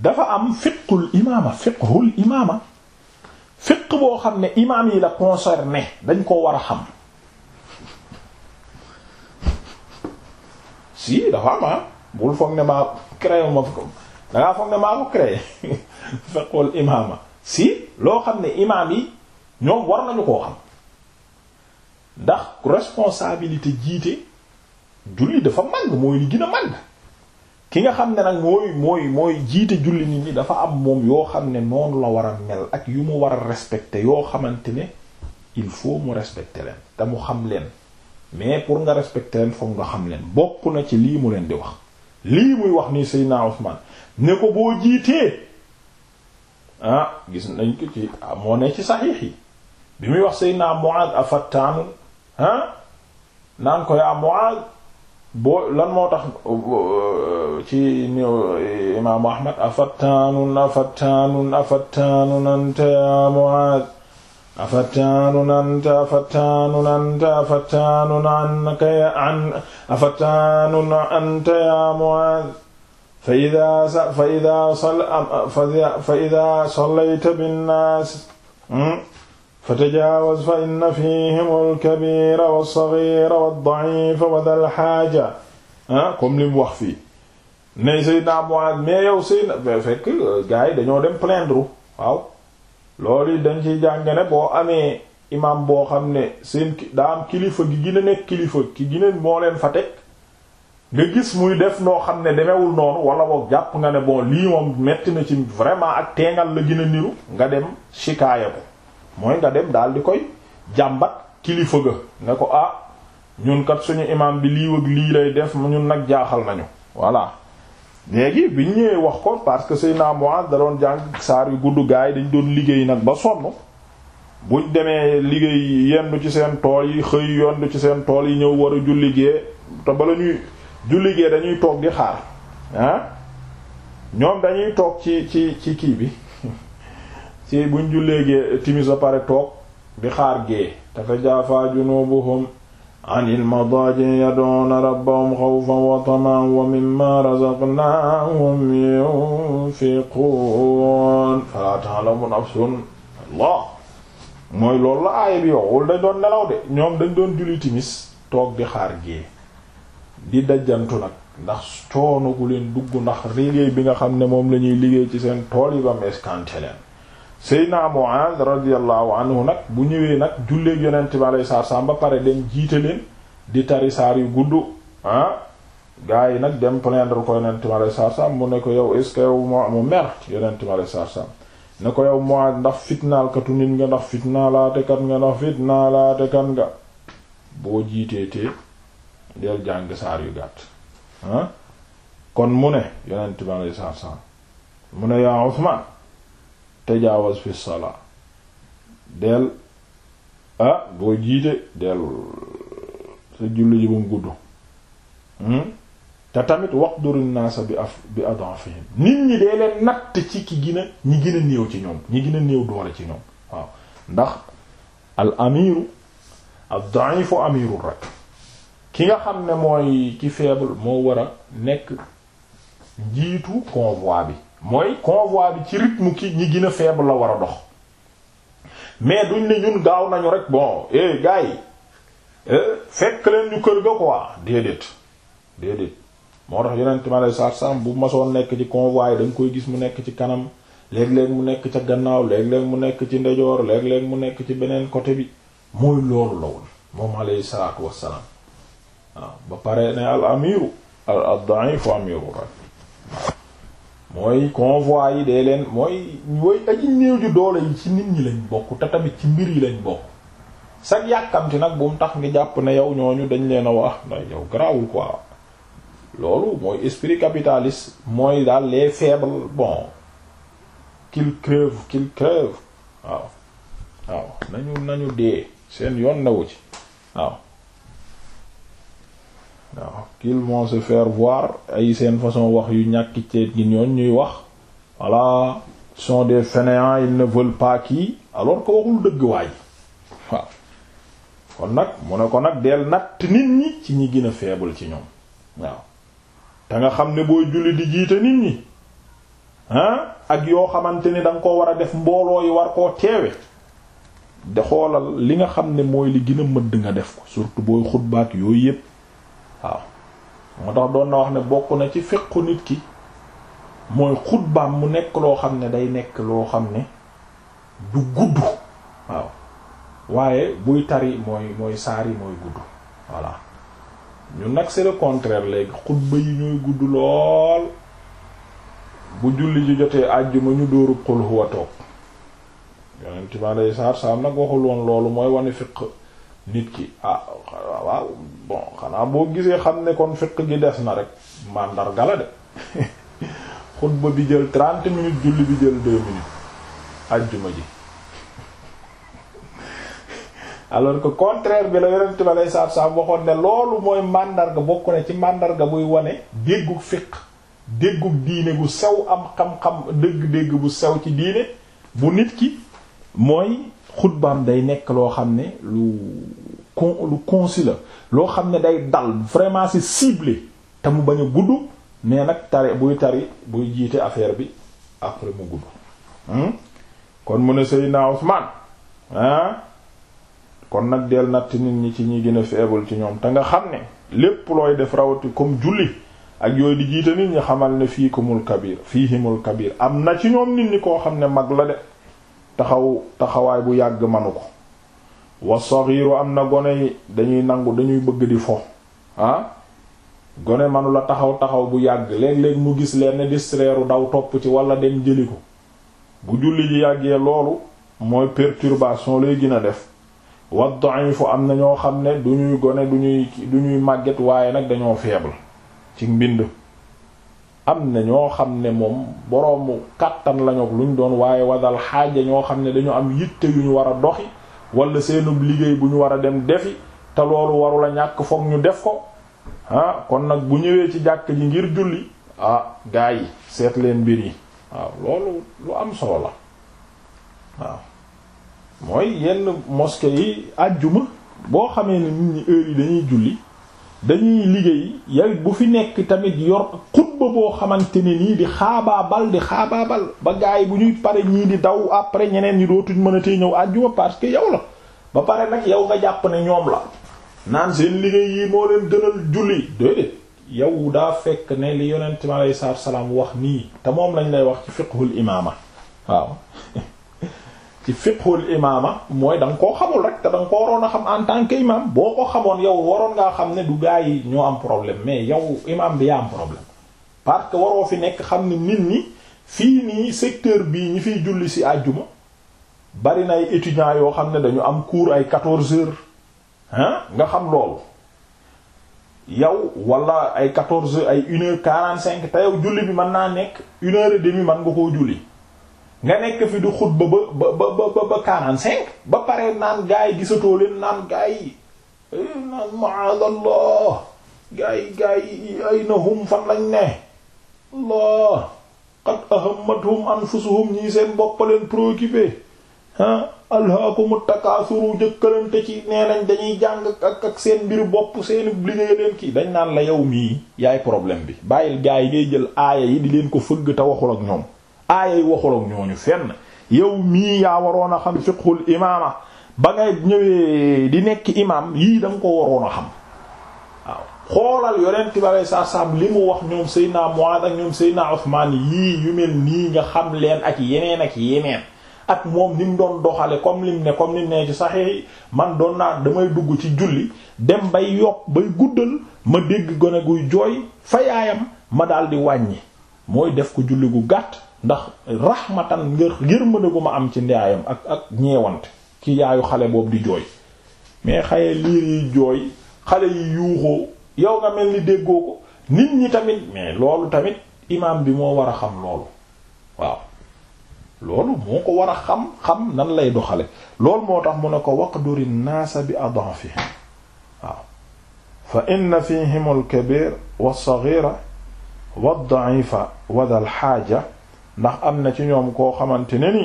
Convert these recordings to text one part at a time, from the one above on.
dafa am fiqul imaama fiqhul imaama fiq boo xam ne imaam yi la concerné dañ koo war a xam si dafa am ah bul foog ne maa créé ma ko dangaa foog ne maa ko créé fiqul si loo xam ne imaam yi ñoom war nañu koo xam ndax responsabilité jiite julli dafa màgg mooy li gën a màgg ki nga xam ne nag mooy mooy mooy jiite julli nit ñi dafa am moom yoo xam ne noonu la war a mel ak yu mu war a respecter yoo xamante ne il faut mu respecter leen te mu xam leen mais pour nga respecter leen foog nga xam leen bokk na ci lii mu leen di wax lii muy wax nii Seydina Ousmane ne ko boo jiitee ah gis nañ ko ci ah, moo ne ci saxiix yi bi muy wax Seydina Muaad afattaanu ah naan ko yaa Muaad boo lan moo tax ci ñëw e, imaamu ahmad afattaanun afattaanun afattaanun anta ya muaaz afattaanun anta afattaanun anta afattaanun anka ya an afattaanun anta ya muaaz fa idaa fa idaa fa idaa sallayta binnaas فتجاوز فإن فيهم الكبير والصغير والضعيف وذا الحاجة comme li mu wax fii ne Seydina Muaz mais yow Seydina fekk euh, gars yi dañoo dem plaindre waaw loolu dañ ciy jàng ne boo amee imam boo xam ne seen daa am kilifa gi gën a nekk kilifa ki gën a moo leen fa teg nga gis muy def noo xam ne demewul noonu wala boog jàpp nga ne bon lii moom metti na ci vraiment ak teengal la gën a niru nga dem shikaaya ko mooy nga dem daal di koy jàmbat kilifa ga ne ko ah ñun kat suñu imam bi lii lii lay def ñun nag jaaxal nañu voilà léegi bi ñu ñëwee wax ko parce que Seydina Mu'adh da doon jàng saar yu gudd gaa yi doon liggéey nag ba sonn buñ demee liggéey yendu ci seen tool yi xëy yendu ci seen tool yi ñëw war a julli gee te bala ñuy julli gee dañuy toog di xaar ah ñoom dañuy toog ci ci ci kii bi ci buñ jullee gee timis a pare toog di xaar gee tatajaafaa junubuhum anil madaaji yad'uuna rabbahum xawfan wa wa mimmaa razaqnaahum yunfiquun falaa ta'lamu nafsun mooy loolu la aaya bi wul dañ doon nelaw de ñoom dañ doon julli timis toog di xaar gée di dajjantu nag ndax coono gu leen dugg ndax liggéey bi nga xam ne moom la ñuy liggéey ci seen tool yi ba Seydina Muaz radiyallahu anhu nag bu ñëwee nag julleeg yonent bi alayhi salaatu ba pare dem jiite leen di tari saar yu gudd ah gaa yi nag dem plaindre ko yonent bi alayhi salaatu salaam mu ne ko yow est ce que mu mer yonent bi alayhi salaatu ne ko yow Muaz ndax fitnaalkatu nit nga ndax fitnaalatekat nga ndax fitnaalatekat nga boo jiitee tee del jàng saar yu gàtt ah. kon mu ne yonent bi alayhi salaatu mu ne yaa Usmaan tajawaz fi salaa del ah boo jiite del sa julli ji bu mu gudd hmm? te tamit waqduru naasa bi af bi adanfihim nit ñi dee leen natt ci ki gën ñi gën a néew ci ñoom ñi gën néew doole ci ñoom waaw ndax al amiru ad fo amiru rek ki nga xam ne mooy ki faible moo war a nekk njiitu convoi bi mooy convoi bi ci rythme ki ñi gina a la war a dox mais duñ ne ñun gaaw nañu rek bon eh yi eh, fekk leen ñu kër ga quoi déedéet déedéet moo tax yeneen ma lay saar sam bu masoon nekk ci convoi yi dañ koy gis mu nekk ci kanam léeg-léeg mu nekk ca gannaaw léeg-léeg mu nekk ci ndejoor léeg-léeg mu nekk ci beneen côté bi mooy loolu la woon moom alayhi salaatu wassalaam waaw ba pare ne al amiru al ad-da'ifu amiru rek mooy convoi yi dee leen mooy mooy aji néew ju doole yi ci nit ñi lañ bokk te tamit ci mbir yi lañ bokk sag yàkkamti nag bu mu tax ni jàpp ne yow ñooñu dañ leen a wax ndax yow garaawul quoi loolu mooy esprit capitaliste mooy daal les faibles bon qu'il crève qu'il crève waaw waaw nañu nañu dee seen yoon newu ci waaw waaw qu'ils vont se ay seen façon wax yu ñàkki ceet gi ñooñ ñuy wax voilà son de fainéants ils ne veulent pas kii alors que waxul dëgg waay kon nag mu ko nag deel natt nit ñi ci ñi gën a faible ci ñoom waaw te nga xam ne booy julli di jiite nit ñi ak yoo xamante ne danga ko war a def mbooloo yi war koo teewe de xoolal li nga xam ne mooy li gën a mëdd nga def ko surtout booy xutbaak yooyu yépp waaw moo tax doon na wax ne bokk na ci fiqu nit ki mooy xutbaam mu nekk loo xam ne day nekk loo xam ne du gudd waaw waaye buy tari mooy mooy saar yi mooy gudd voilà ñun nag c'est le léegi xutba yi ñooy gudd lool bu julli ji jotee àjjuma ñu dóoru xul huwa toog yonent bi alayhi salaatu wa salaam nag waxul loolu mooy wane fiq nit ki ah waaw bon xanaa boo gisee xam ne kon fiq gi des na rek màndarga la de xutba bi jël trente minutes julli bi jël deux minutes ajjuma ji alors que contraire bi la yonent ba lay saab saab waxoon ne loolu mooy màndarga bokk na ci màndarga buy wane déggu fiq déggu diine bu sew am xam-xam dégg-dégg bu sew ci diine bu nit ki mooy xutbaam day nekk loo xam ne lu con lu concis la loo xam ne day dal vraiment c'est ciblé te mu bañ a gudd mais nag tari buy tari buy jiite affaire bi après mu gudd hmm? kon mu ne Seydina Usman ah kon nag del natt nit ñi ci ñi gën a faible ci ñoom te nga xam ne lépp looy def rawati comme julli ak yooyu di jiite nit ñi xamal ne fii kumul kabir fii himul kabir am na ci ñoom nit ñi koo xam ne mag la de taxaw taxawaay bu yàgg manu ko wa saghiru am na gone yi dañuy nangu dañuy bëgg di fo ah? gone manula taxaw taxaw bu yàgg léeg-léeg mu gis leen ne distraire daw topp ci wala dem jëli ko bu julli ji yàggee loolu mooy perturbation lay gën a def wa da'ifu am na ñoo xam ne du gone du ñuy du ñuy màgget waaye nag dañoo faible ci mbind am na ñoo xam ne moom boroomu kàttan lañu ñu doon waaye wadal xaaja ñoo xam ne dañu am yitte yu ñu war a doxi wala seenub liggéey bu ñu war a dem defi te loolu waru ñàkk foog ñu def ko ah kon nag bu ñëwee ci jàkk ji ngir julli ah gaa yi seet leen mbir yi waaw loolu lu am solo la waaw mooy yenn mosquée yi àjjuma boo xamee ne nit ñi heure yi dañuy julli dañuy liggéey yow bu fi nekk tamit yor xutba boo xamante ni nii di xaabaabal di xaabaabal ba gaay bu ñuy pare ñii di daw après ñeneen ñi dootuñ mën a tee ñëw àjjuma parce que yow la ba pare nag yow nga jàpp ne ñoom la naan seen liggéey yi moo leen gënal julli déedéet yow daa fekk ne li yonent mi alayhi salaam wax nii te moom lañ lay wax ci fiqhul imaama waaw ci fiqhul imaama mooy da koo xamul rek te da nga ko waroon a xam en tant que imam boo ko xamoon yow waroon ngaa xam ne du gaa yi ñoo am problème mais yow imam bi yaa am problème parce que waroo fi nekk xam ne nit ñi fii nii secteur bii ñi fiy julli si àjjuma bari na ay étudiants yoo xam ne dañu am cours ay quatorze heures hein nga xam loolu yow wala ay quatorze heures ay une heure quarante cinq te yow julli bi mën naa nekk une heure et demie mën nga koo julli nga nekk fi du xutba ba ba ba ba quarante-cinq ba pare naan gaa yi gisatoo leen naan gaa yi eh, naan maadallah gaa yi gaa yi ay na hum fan lañ ne allah qad ahammathum anfusuhum ñii seen bopp leen préoccupé ah alhaakumu takaasuru jëkkalante ci nee nañ dañuy jàng ak ak seen mbiru bopp seen liggéey leen kii dañ naan la yow mii yaay problème bi bàyyil gaa yi ngay jël aaya yi di leen ko fëgg te waxul ak ñoom aaya yi ñooñu fenn yow mii yaa waroon a xam fiqhul imaama ba ngay ñëwee di nekk imaam yii dama ko waroon a xam waaw xoolal yonent bi alei saatu salaam li mu wax ñoom naa Muaad ak ñoom Seydina Usmaan yii yu mel nii nga xam leen ak yeneen ak yeneen ak moom ni mu doon doxale comme lim ne comme lim ne ci saxee man doon naa damay dugg ci julli dem bay yokk bay guddal ma dégg gone guy jooy fa yaayam ma daal di wàññi mooy def ko julli gu gàtt ndax rahmatan ngir yërmande gu ma am ci ndeyaayam ak ak ñeewante ci yaayu xale boobu di jooy mais xaye liir yi jooy xale yi yuuxoo yow nga mel ni déggoo ko nit ñi tamit mais loolu tamit imaam bi moo war a xam loolu waaw loolu war a xam xam nan lay doxale lool moo tax mu ne ko waqduri naasa bi adafihim waaw fa inna fihim al kabir wa as ndax am na ci ñoom koo xamante ne ni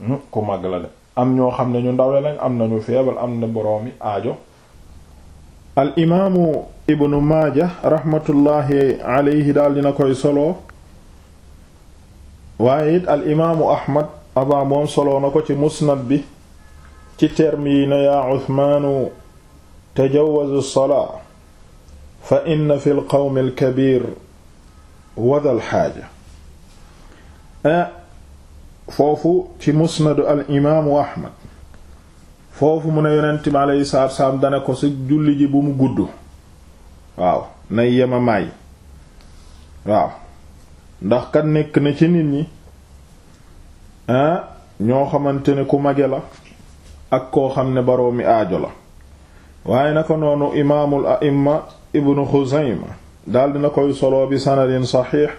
hmm, ku màgg de am ñoo xam ne ñu ndawle lañ am nañu feebal am na boroomi aajo al imaamu ibnu maaja raxmatullaahi daal dina koy solo waaye it al imaamu ahmad abaa moom solo na ko ci musnad bi ci terme yi na yaa usmaanu tajawazu salaa fa inna fi l qawmi al kabir wadal xaaja Ah, foofu ci musnadu al imaamu ahmad foofu mu ne yonent bi aleyhi salaatu wa dana ko sa julli ji bu mu gudd waaw nay yema may waaw ndax kat nekk na ci nit ñi ah, ñoo xamante ne ku mage la ak koo xam ne baroomi aajo la waaye naka noonu imaamul a'imma ibnu xuzayma daal dina koy solo bi sanadin saxiix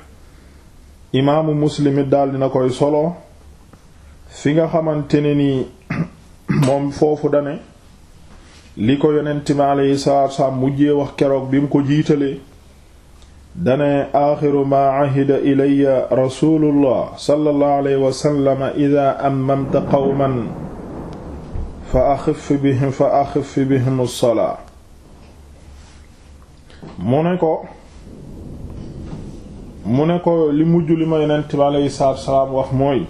imaamu muslim it daal dina koy solo fi nga xamante ne ni moom foofu dane li ko yonent mi alayhi salaatu wasalaam mujjee wax keroog bi mu ko jiitale dane aaxiru maa ahida ilayya rasulullah sallallahu alayhi idaa ammamta qawman fa axif bihim fa axif bihim as-salaa mu ne ko mu ne ko li mujj li ma yonent bi aleyhi salaatu salaam wax mooy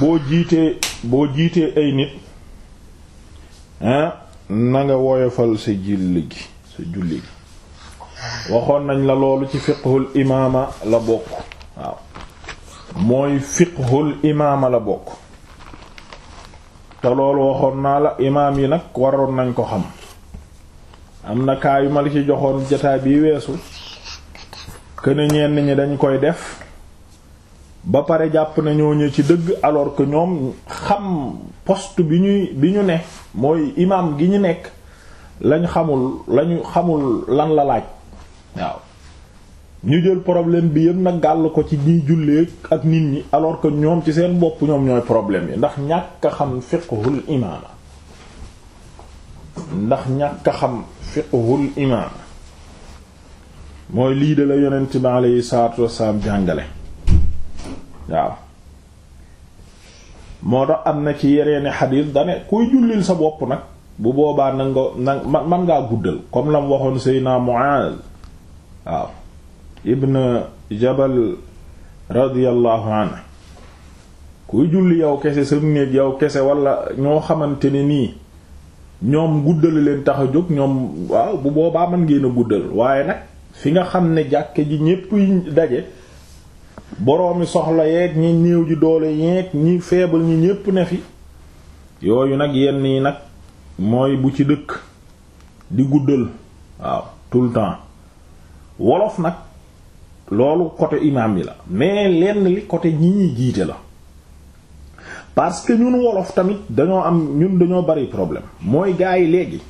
boo jiitee boo jiitee ay nit nanga na nga woyofal sa julli gi sa julli gi waxoon nañ la loolu ci fiqhul imaama la bokk waaw mooy fiqhul imaama la bokk te loolu waxoon naa la imaam yi nag waroon nañ ko xam am na kaa yu ma la ci joxoon jataay bi weesu këne ñenn ñi dañ koy def ba pare jàpp na ñooñu ci dëgg alors que ñoom xam poste bi ñuy bi ñu ne mooy imam gi ñu nekk lañ xamul lañu xamul lan la laaj waaw ñu jël problème bi yëpp nag gàll ko ci ñiy jullee ak nit ñi alors que ñoom ci seen bopp ñoom ñooy problème yi ndax ñàkk a xam fiqhul imaama ndax ñàkk a xam fiqhul imaama mooy lii de la yonent bi aleyhi salaatu wasalaam jàngale waaw moo tax am na ci yeneeni xadiis dane kuy jullil sa bopp nag bu boobaa nag nga nag man ngaa guddal comme lam waxoon Seydina Muaaz waaw ibn Jabal radiyallahu anhu kuy julli yow kese sa néeg yow kese wala ñoo xamante ne nii ñoom guddal leen tax a jóg ñoom waaw bu boobaa mën ngeen guddal waaye nag fi nga xam ne jàkke ji ñépp daje boroomi soxla yeeg ñi néew ji doole yeeg ñi feebal ñi ñépp ne fi yooyu nag yenn yi nag mooy bu ci dëkk di guddal waaw tout le temps wolof nag loolu côté imam yi la mais lenn li côté ñi ñuy jiite la parce que ñun wolof tamit dañoo am ñun dañoo bari problème mooy gaa yi léegi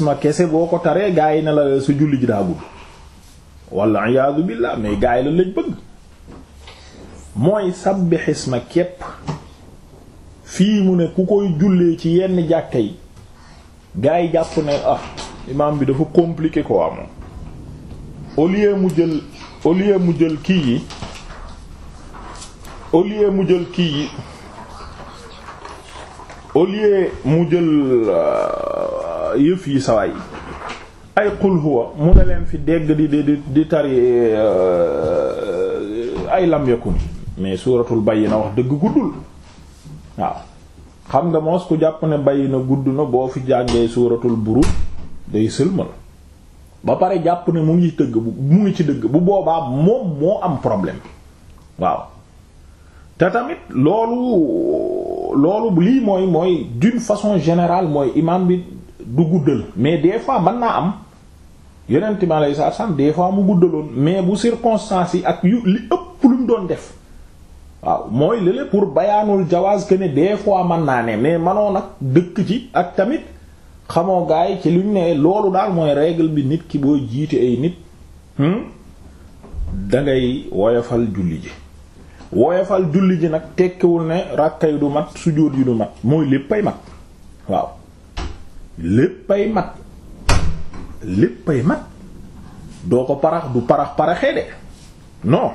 ma kese boo ko taree gaa yi ne la su julli ji daa gudd walla iyaadu billaah mais gaa la lañ bëgg mooy sabbixisma kepp fii mu ne ku koy jullee ci yenn jàkka yi gaa jàpp ne a ah, imaam bi dafa compliqué ko waa moom au mu jël au jël kii yi au mu jël kii yi au lieu mu jël euh, yëf yi sawaay ay qul huwa mu ne leen fi dégg di di di tari euh, ay lam yakun mais suuratul bayina wax dëgg guddul waaw xam nga moos ku jàpp ne na gudd na boo fi jàngee suuratul buruj day sëlmal ba pare jàpp ne mu ngi tëgg bu mu ngi ci dëgg bu boobaa moom moo am problème waaw te tamit loolu loolu lii mooy mooy d'une façon générale mooy imam bi du guddal mais des fois man naa am yonent bi alayhi salaatu salaam des fois mu guddaloon mais bu circonstances yi ak yu li ëpp lu doon def waaw mooy lële pour bayaanul jawaaz que ne des fois man naa ne mais manoon nag dëkk ci ak tamit xamoo gars yi ci luñ ne loolu daal mooy règle bi nit ki boo jiite ay nit hmm? dangay woyofal julli ji woyofal julli ji nag tekkiwul ne ràkka yi du mat sujjóot yi du mat mooy léppay mat waaw léppay mat léppay mat doo ko parax du parax paraxee de non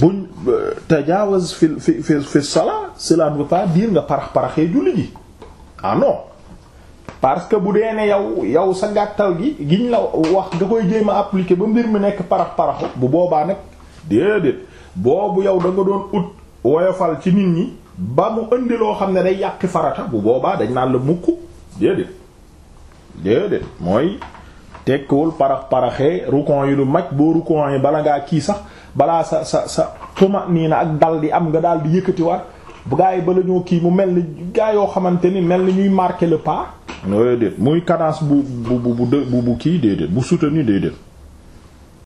buñ euh, tajaawaz fi fi fi fi salaa cela ne veut pas nga parax paraxee julli ji ah parce que bu dee ne yow yow sa gàttal gi giñ la wax da koy jéem a appliquer ba mbir mu nekk parax paraxu bu boobaa nag déedéet boobu yow da nga doon ut woyofal ci nit ñi ba mu indi loo xam ne day yàqi farata bu boobaa dañ naan la mukk déedéet déedéet mooy tekkiwul parax paraxee rukon yi lu maj boo rukon yi bala ngaa kii sax balaa sa sa sa tuma nii na ak dal di am nga daal di yëkkatiwaat gars yi bala ñoo kii mu mel ni gars yoo xamante ni mel ni ñuy marquer le pas. déedéet muy cadence bu bu bu bu kii déedéet bu soutenu déedéet.